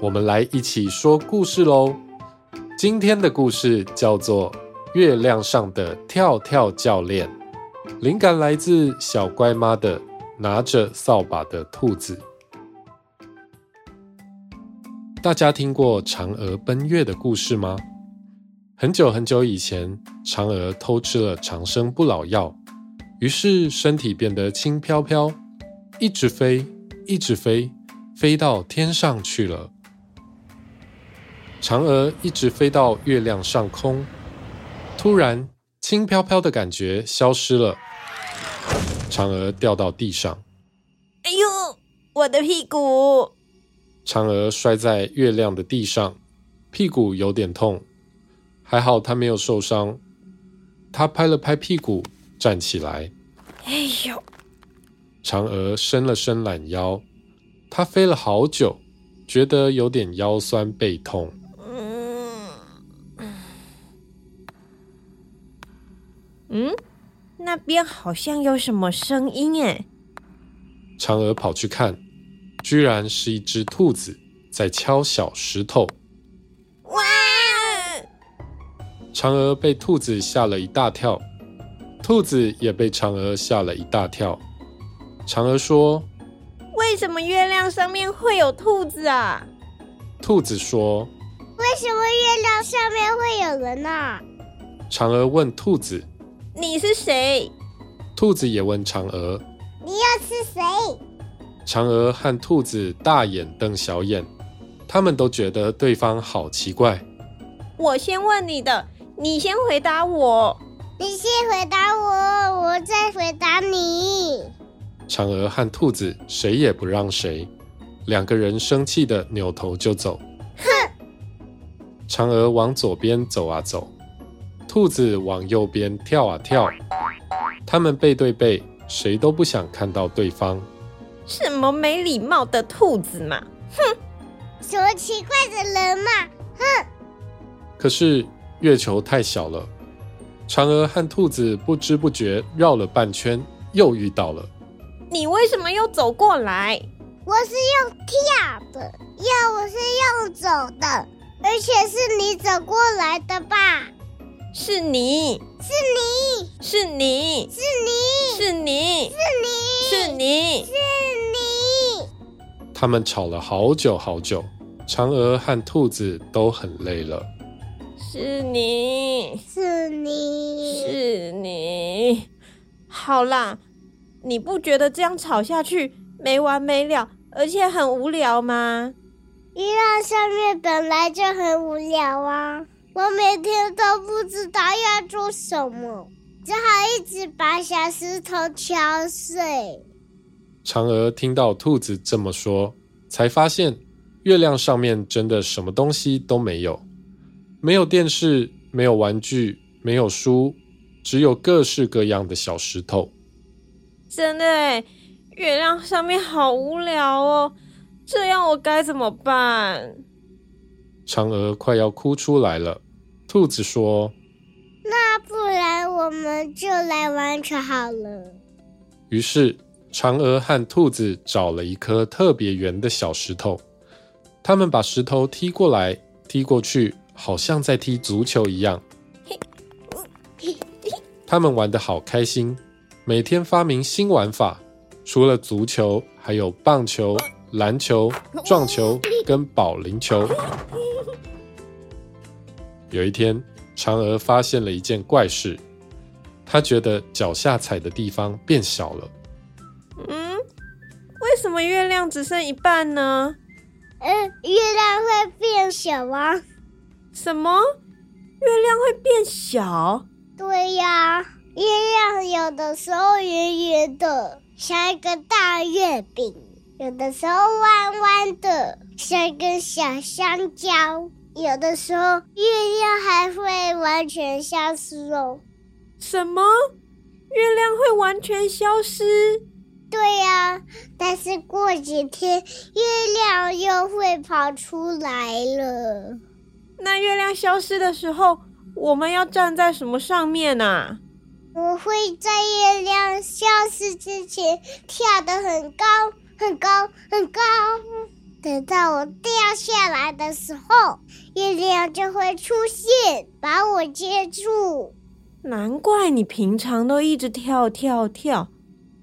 我們來一起說故事嘍！今天的故事叫做《月亮上的跳跳教練》，靈感來自小乖媽的《拿着掃把的兔子》。大家聽過嫦娥奔月的故事嗎？很久很久以前，嫦娥偷吃了長生不老藥，於是身體變得輕飄飄，一直飛，一直飛，飛到天上去了。嫦娥一直飛到月亮上空，突然輕飄飄的感覺消失了。嫦娥掉到地上，“哎呦，我的屁股！”嫦娥摔在月亮的地上，屁股有點痛，還好她沒有受傷。她拍了拍屁股，站起來，“哎呦！”嫦娥伸了伸懶腰，她飛了好久，覺得有點腰酸背痛。嗯，那邊好像有什麼聲音誒。嫦娥跑去看，居然是一隻兔子在敲小石頭。哇！嫦娥被兔子嚇了一大跳，兔子也被嫦娥嚇了一大跳。嫦娥說：“為什麼月亮上面會有兔子啊？”兔子說：“為什麼月亮上面會有人啊？”嫦娥問兔子。你是誰？兔子也問嫦娥：“你又是誰？”嫦娥和兔子大眼瞪小眼，他們都覺得對方好奇怪。我先問你的，你先回答我。你先回答我，我再回答你。嫦娥和兔子誰也不讓誰，兩個人生氣的扭頭就走。哼！ 嫦娥往左邊走啊走。兔子往右邊跳啊跳，他們背對背，誰都不想看到對方。什麼沒禮貌的兔子嘛！哼！什麼奇怪的人嘛、啊！哼！可是月球太小了，嫦娥和兔子不知不覺繞了半圈，又遇到了。你為什麼又走過來？我是用跳的，要我是用走的，而且是你走過來的吧？是你是你是你是你是你是你是你是你！他們吵了好久好久，嫦娥和兔子都很累了。是你是你是你！好啦，你不覺得這樣吵下去沒完沒了，而且很無聊嗎？月亮上面本來就很無聊啊。我每天都不知道要做什麼，只好一直把小石頭敲碎。嫦娥聽到兔子這麼說，才發現月亮上面真的什麼東西都沒有，沒有電視，沒有玩具，沒有書，只有各式各樣的小石頭。真的，月亮上面好無聊哦！這樣我該怎麼辦？嫦娥快要哭出來了。兔子說：“那不然我們就來玩球好了。”於是，嫦娥和兔子找了一顆特別圓的小石頭，他們把石頭踢過來、踢過去，好像在踢足球一樣。他們玩得好開心，每天發明新玩法，除了足球，還有棒球、籃球、撞球跟保齡球。有一天，嫦娥發現了一件怪事，她覺得腳下踩的地方變小了。嗯，為什麼月亮只剩一半呢？嗯、欸，月亮會變小嗎？什麼？月亮會變小？對呀、啊，月亮有的時候圓圓的，像一個大月餅；有的時候彎彎的，像一根小香蕉。有的時候，月亮還會完全消失哦。什麼？月亮會完全消失？對呀，但是過幾天，月亮又會跑出來了。那月亮消失的時候，我們要站在什麼上面呢？我會在月亮消失之前跳得很高，很高，很高。等到我掉下來的時候，月亮就會出現，把我接住。難怪你平常都一直跳跳跳，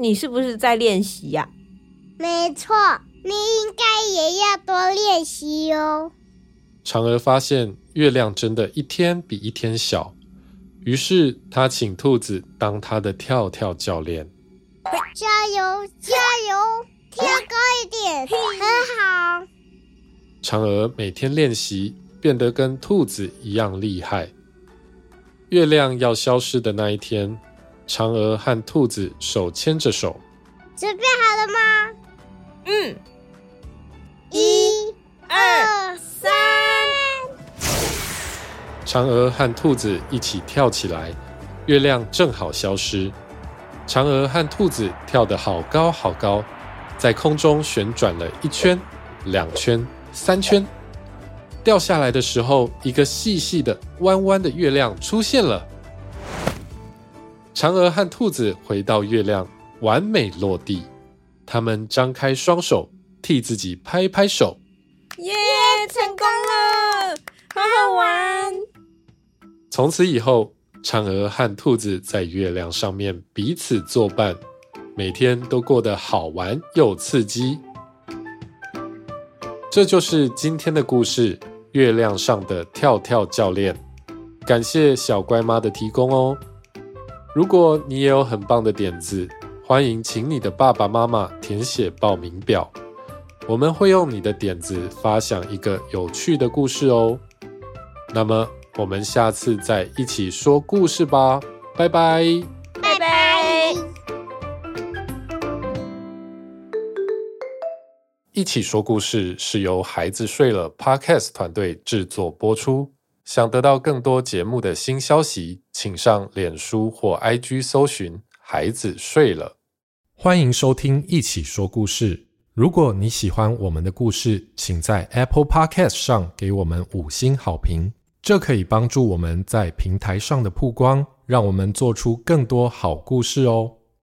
你是不是在練習呀、啊？沒錯，你應該也要多練習哦。嫦娥發現月亮真的一天比一天小，於是他請兔子當他的跳跳教練。加油！加油嫦娥每天練習，變得跟兔子一樣厲害。月亮要消失的那一天，嫦娥和兔子手牽着手，準備好了嗎？嗯，一二三！嫦娥和兔子一起跳起來，月亮正好消失。嫦娥和兔子跳得好高好高，在空中旋轉了一圈、兩圈。三圈掉下來的時候，一個細細的、彎彎的月亮出現了。嫦娥和兔子回到月亮，完美落地。他們張開雙手，替自己拍拍手。耶！Yeah, 成功了，好好玩。從此以後，嫦娥和兔子在月亮上面彼此作伴，每天都過得好玩又刺激。這就是今天的故事《月亮上的跳跳教練》，感謝小乖媽的提供哦。如果你也有很棒的點子，歡迎請你的爸爸媽媽填寫報名表，我們會用你的點子發想一個有趣的故事哦。那麼，我們下次再一起說故事吧，拜拜。一起說故事是由孩子睡了 Podcast 團隊制作播出。想得到更多節目的新消息，請上臉書或 IG 搜尋“孩子睡了”。歡迎收聽一起說故事。如果你喜歡我們的故事，請在 Apple Podcast 上給我們五星好評。這可以幫助我們在平台上的曝光，讓我們做出更多好故事哦。